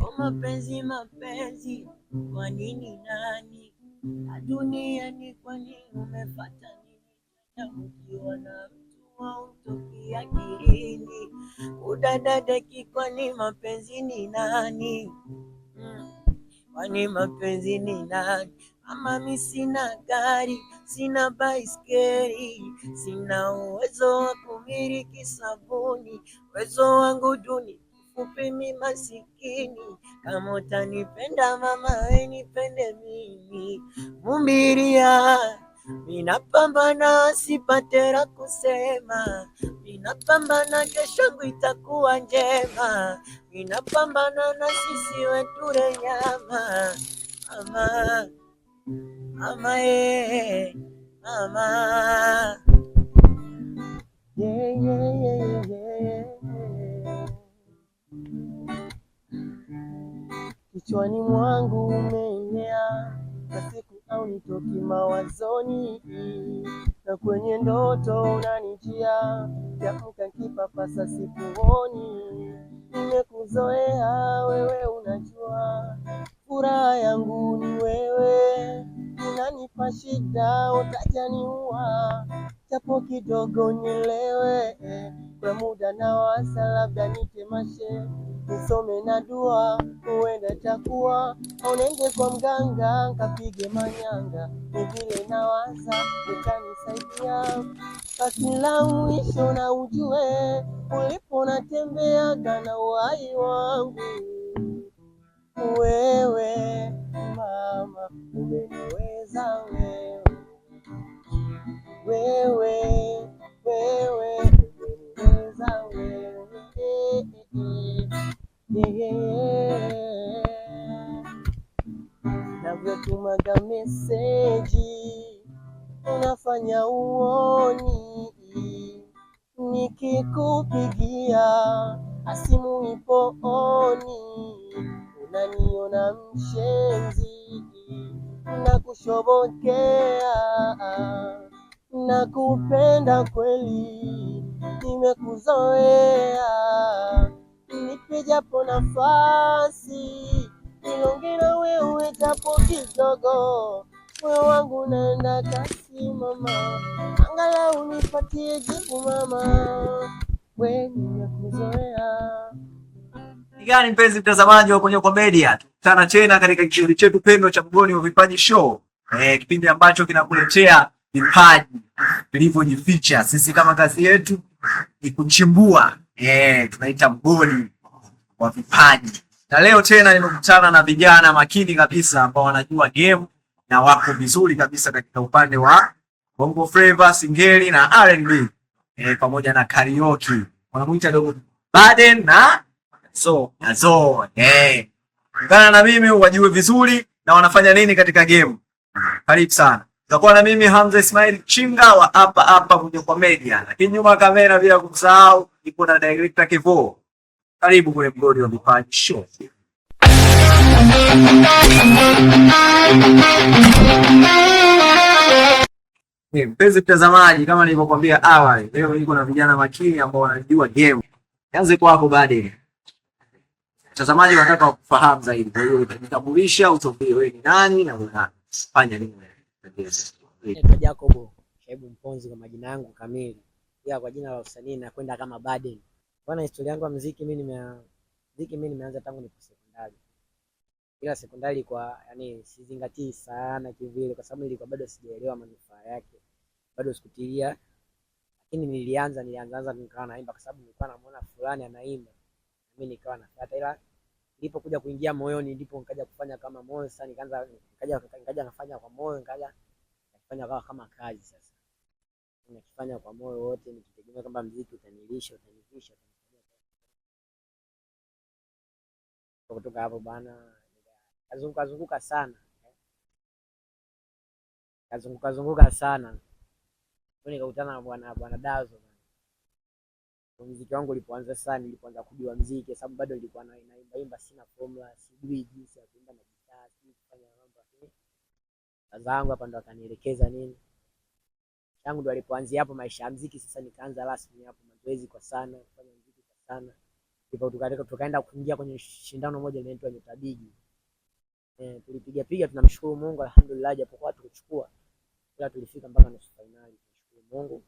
O oh, mapenzi mapenzi, kwa nini nani na dunia ni kwa nini umepata nini? Ukiwa na mtu hautoki akilini, udadadeki, kwani mapenzi ni nani? Hmm, kwani mapenzi ni nani? Mama, mi sina gari, sina baiskeli, sina uwezo wa kumiliki sabuni, uwezo wangu duni mfupi mi masikini, kama utanipenda mama we nipende mimi. mumbiria minapambana sipate la kusema, minapambana kesho itakuwa njema, minapambana na sisi weture nyama Mama, mama ye ama yeah, yeah, yeah, yeah. kichwani mwangu umeenea, na siku au nitoki mawazoni, na kwenye ndoto unanijia, kiamka nkipapasa sikuoni. Nimekuzoea wewe, unajua furaha yangu ni wewe, unanipa shida, utajaniua japo kidogo nielewe. Kwa muda na wasa, labda nitemashe Nisome na dua, huenda takuwa au nende kwa mganga nkapige manyanga, nivile nawaza utanisaidia. Basi la mwisho na ujue, ulipo natembeaga na uhai wangu, wewe mama umeniweza wewe, wewe wewe navyotumaga meseji unafanya uoni, nikikupigia asimu ipo oni, unaniona mshenzi, nakushobokea, nakupenda kweli, nimekuzoea nipe japo nafasi, nionge na wewe japo kidogo. Moyo wangu naenda kasi mama, angalau nipatie jibu mama, we nimekuzoea. Igani mpenzi mtazamaji wa Konyokwa Media, tukutana tena katika kipindi chetu pendwa cha Mgoni wa Vipaji Show, eh, kipindi ambacho kinakuletea vipaji vilivyojificha. Sisi kama kazi yetu ni kuchimbua Yeah, tunaita mgodi wa vipaji. Na leo tena nimekutana na vijana makini kabisa ambao wanajua game na wako vizuri kabisa katika upande wa Bongo Flava, Singeli na R&B. Eh, pamoja na karaoke. Wanamuita dogo Baden na so na so. Eh. Ungana na mimi uwajue vizuri na wanafanya nini katika game. Karibu sana. Takuwa na mimi Hamza Ismail Chinga hapa hapa kwenye kwa media. lakini nyuma kamera, bila kumsahau, ipo na director Kivoo. Karibu kwenye mgodi wa vipaji show. Mpenzi mtazamaji, kama nilivyokuambia awali, leo niko na vijana makini ambao wanajua game. Nianze kwako baadaye. Mtazamaji, wanataka kufahamu zaidi, kwa hiyo utajitambulisha, utuambie wewe ni nani na unafanya nini. Naitwa Jacob Shaibu Mponzi kwa majina yangu kamili, ila kwa jina la usanii nakwenda kama Baden. Bwana, historia yangu ya muziki mimi nime muziki mimi nimeanza tangu niko sekondari, ila sekondari kwa yani sizingatii sana kivile, kwa sababu nilikuwa bado sijaelewa manufaa yake, bado sikutilia. Lakini nilianza nilianza nikawa naimba, kwa sababu nilikuwa namuona fulani anaimba, mimi nikawa nafuata ila ilipokuja kuingia moyoni ndipo nikaja kufanya kama moyo sasa, nikaanza nikaja nikaja nafanya kwa moyo, nikaja nafanya kama kama kazi sasa, nikifanya kwa moyo wote, nikitegemea kwamba mziki utanilisha utanivisha. Kutoka hapo bana, kazunguka zunguka sana, kazunguka zunguka sana, nikakutana na bwana bwana Dazo mziki wangu ulipoanza sana, nilipoanza kujua mziki kwa sababu bado nilikuwa na naimba imba, sina formula, sijui jinsi ya kuimba na gitaa, sijui kufanya mambo, ya lakini wazangu hapa ndo akanielekeza nini tangu ndo alipoanzia hapo maisha ya mziki. Sasa nikaanza rasmi hapo mazoezi kwa sana, kufanya mziki kwa sana, ndipo tukaenda tukaenda kuingia kwenye shindano moja linaitwa Nyota Bigi. Eh, tulipiga piga, tunamshukuru Mungu alhamdulillah, japokuwa tukuchukua ila tulifika mpaka nusu finali, Tunashukuru Mungu,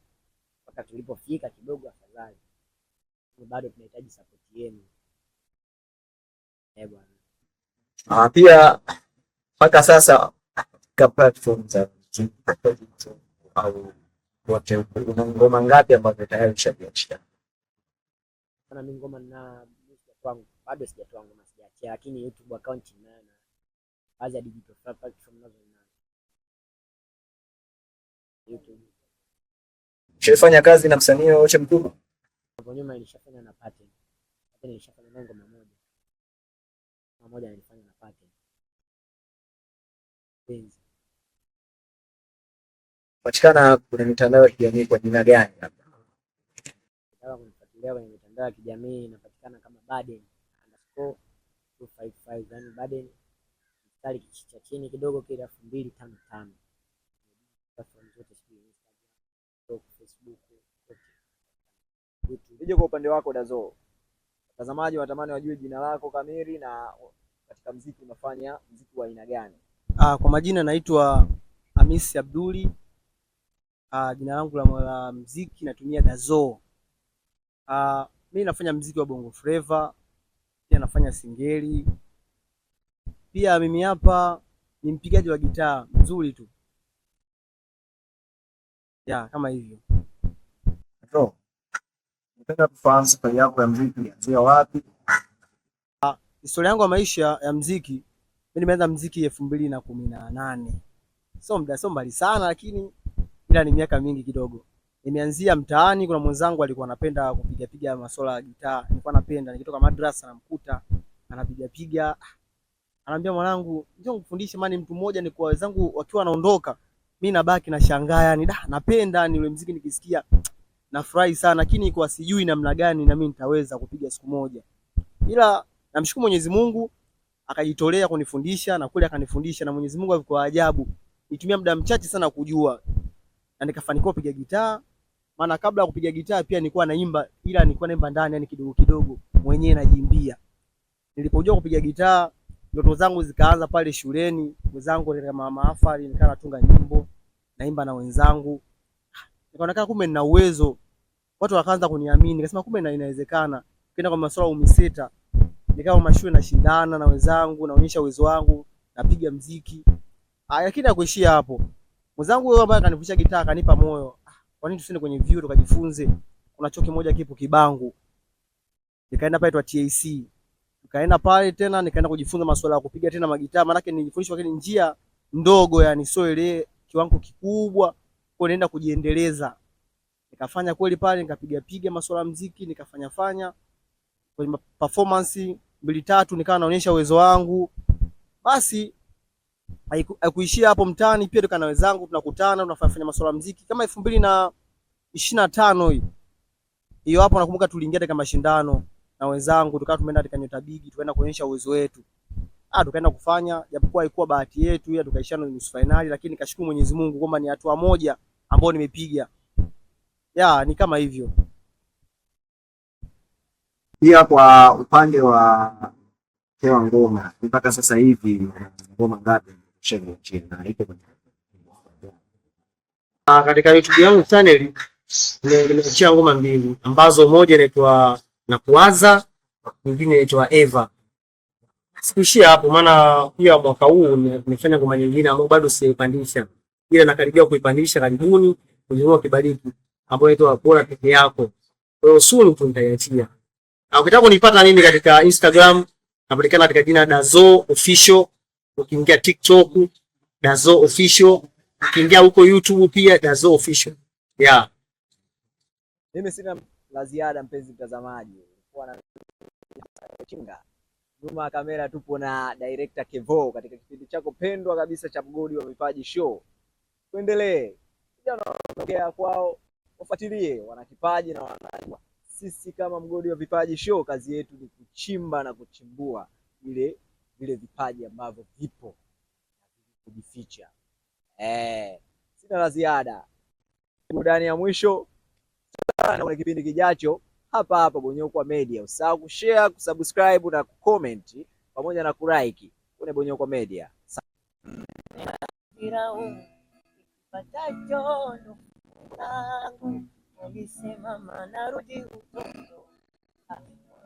wakati tulipofika kidogo afadhali bado tunahitaji support yenu eh bwana. Ah, pia mpaka sasa katika platform za au wote, una ngoma ngapi ambazo tayari ushaziachia? Sana mimi ngoma na muziki wangu bado sijatoa ngoma, sijaachia, lakini YouTube account ninayo na baadhi ya digital platform nazo ninazo YouTube. Ushafanya kazi na msanii wowote mkubwa? hapo nyuma ilishafanya na pattern, lakini ilishafanya na ngoma moja moja, ilifanya na pattern penzi. Patikana kwenye mitandao ya kijamii kwa jina gani? Hapa nataka kunifuatilia kwenye mitandao ya kijamii inapatikana kama Baden underscore 255, yani Baden mstari kichwa chini kidogo kile 255 mbili tano tano zote Nije kwa upande wako Dazo, watazamaji watamani wajue jina lako kamili na katika mziki unafanya mziki wa aina gani? Ah, kwa majina naitwa Hamisi Abduli. Ah, jina langu la mziki natumia Dazoo. Ah, mimi nafanya mziki wa Bongo Flava, pia nafanya singeli. Pia mimi hapa ni mpigaji wa gitaa mzuri tu ya kama hivyo. Ningependa kufahamu safari yako ya mziki ilianzia wapi? Ah, historia yangu ya maisha ya mziki, mimi nimeanza mziki elfu mbili na kumi na nane. Sio muda, sio mbali sana, lakini ila ni miaka mingi kidogo. Nimeanzia mtaani, kuna mwenzangu alikuwa anapenda kupiga piga masuala ya gitaa. Nilikuwa napenda, nikitoka madrasa namkuta anapiga piga. Anaambia, mwanangu, njoo nikufundishe, maana mtu mmoja ni kwa wenzangu wakiwa wanaondoka, mimi nabaki nashangaa, yani da, napenda ni ule mziki nikisikia nafurahi sana, lakini kwa sijui namna gani na mimi nitaweza kupiga siku moja, ila namshukuru Mwenyezi Mungu akajitolea kunifundisha na kule akanifundisha, na Mwenyezi Mungu alikuwa ajabu, nitumia muda mchache sana kujua na nikafanikiwa kupiga gitaa. Maana kabla ya kupiga gitaa pia nilikuwa naimba, ila nilikuwa naimba ndani, yani kidogo kidogo mwenyewe najimbia. Nilipojua kupiga gitaa ndoto zangu zikaanza pale shuleni, wenzangu mama afari, nikaanza natunga nyimbo, naimba na wenzangu, ah, nikaonekana kumbe nina uwezo Watu wakaanza kuniamini, nikasema kumbe na inawezekana. Nikaenda kwa masuala UMISETA, nikawa mashule nashindana na wenzangu, naonyesha uwezo wangu, napiga mziki. Ah, lakini hakuishia hapo. Mwenzangu huyo ambaye akanifundisha gitaa akanipa moyo. Ah, kwa nini tusende kwenye vyuo tukajifunze? Kuna chuo kimoja kipo Kibangu. Nikaenda pale twa TAC. Nikaenda pale tena nikaenda kujifunza masuala ya kupiga tena magitaa, maana yake nilifundishwa kile njia ndogo, yani sio ile kiwango kikubwa, kwa nenda kujiendeleza nikafanya kweli pale, nikapiga piga masuala ya muziki, nikafanya fanya kwenye performance mbili tatu, nikawa naonyesha uwezo wangu. Basi haikuishia hapo, mtaani pia tukana wenzangu tunakutana, tunafanya masuala ya muziki kama elfu mbili na ishirini na tano hiyo hiyo. Hapo nakumbuka tuliingia katika mashindano na wenzangu, tukawa tumeenda katika Nyota Bigi, tukaenda kuonyesha uwezo wetu ah, tukaenda kufanya, japokuwa haikuwa bahati yetu, ila tukaishana nusu finali, lakini nikashukuru Mwenyezi Mungu kwamba ni hatua moja ambayo nimepiga ya ni kama hivyo. Pia ah, kwa upande wa hewa ngoma, mpaka sasa hivi ah, ngoma ngapi ah, katika YouTube yangu channel? Nimeachia ngoma mbili ambazo moja inaitwa Nakuwaza, nyingine inaitwa Eva. Sikuishia hapo, maana pia mwaka huu nimefanya ngoma nyingine ambayo bado sijaipandisha, ila nakaribia kuipandisha karibuni, Mwenyezi kibariki ambayo inaitwa bora peke yako. Kwa hiyo suru tu nitaiachia. Na ukitaka kunipata nini katika Instagram, napatikana katika jina Dazo Official. Ukiingia TikTok Dazo Official, ukiingia huko YouTube pia Dazo Official. Yeah. Mimi sina la ziada mpenzi mtazamaji. Chinga. Nyuma ya kamera tupo na director Kevo katika kipindi chako pendwa kabisa cha mgodi wa vipaji show. Tuendelee. Kijana anaongea kwao wafuatilie, wana kipaji na wana. Sisi kama mgodi wa vipaji show, kazi yetu ni kuchimba na kuchimbua ile vile vipaji ambavyo vipo kujificha. Eh, sina la ziada, burudani ya mwisho sana. Kuna kipindi kijacho hapa hapa Bonyokwa Media. Usahau kushare, kusubscribe na kucomment pamoja na kulike kune Bonyokwa Media langu mm. nilisimama narudi utoto,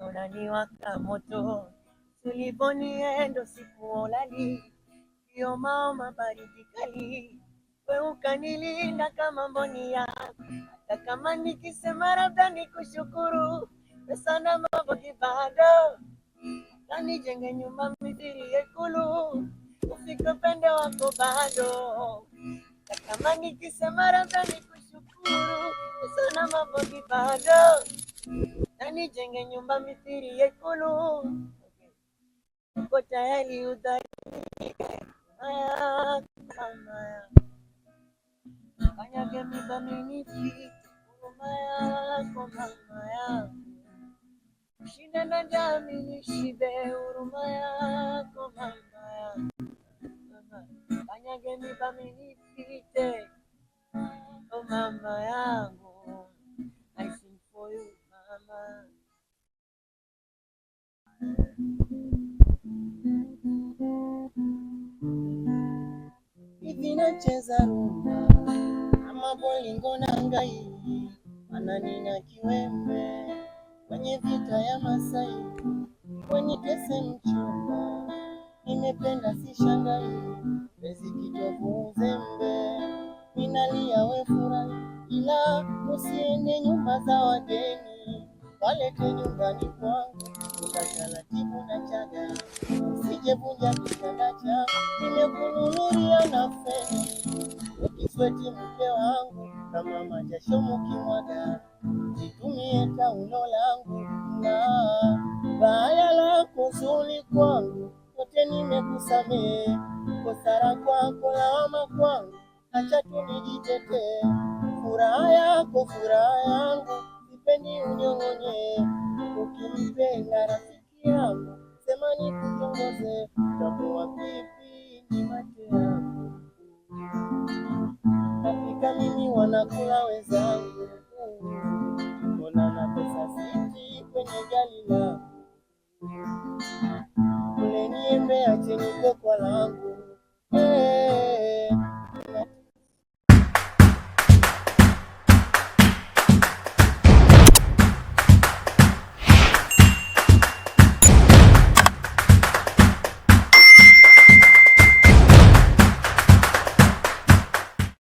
ona waka moto tuliponiendo sikuolali iyo mama baridi kali we ukanilinda kama mboni yako, hata kama nikisema labda nikushukuru pesa na mambo kibado kanijenge nyumba mithili yekulu ufike upendo wako bado, hata kama nikisema labda nikushukuru sana mambo kibado na nijenge nyumba mithiri ya Ikulu, uko tayari udhalilike? Haya, haya kanyage miba mingi, shinde na dami nishibe, huruma yako mama yangu, kanyage miba mingi pite Oh, mama yangu, I sing for you mama. Hivi nacheza rumba ama bolingo na ngai ananina kiwembe kwenye vita ya Masai kwenye kese mchumba nimependa sishangai bezikitovu uzembe Ninalia we furahi, ila usiende nyumba za wageni, walete nyumbani kwangu, ukataratibu na chaga, usijevunja kitanda chako, nimekununulia na feni, ukisweti mke wangu, kama majasho mukimwaga, nitumie taulo langu na baya lako zuri kwangu, yote nimekusamehe, kosara kwako, lawama kwangu acha tunijitetee, furaha yako furaha yangu, sipendi unyong'onye. Ukinipenda rafiki yangu, sema nikutongoze, utakuwa vipi ni mate yangu nafika mimi wanakula wenzangu, mbona na pesa siti kwenye gari langu kuleniembea chenye kokwa langu hey.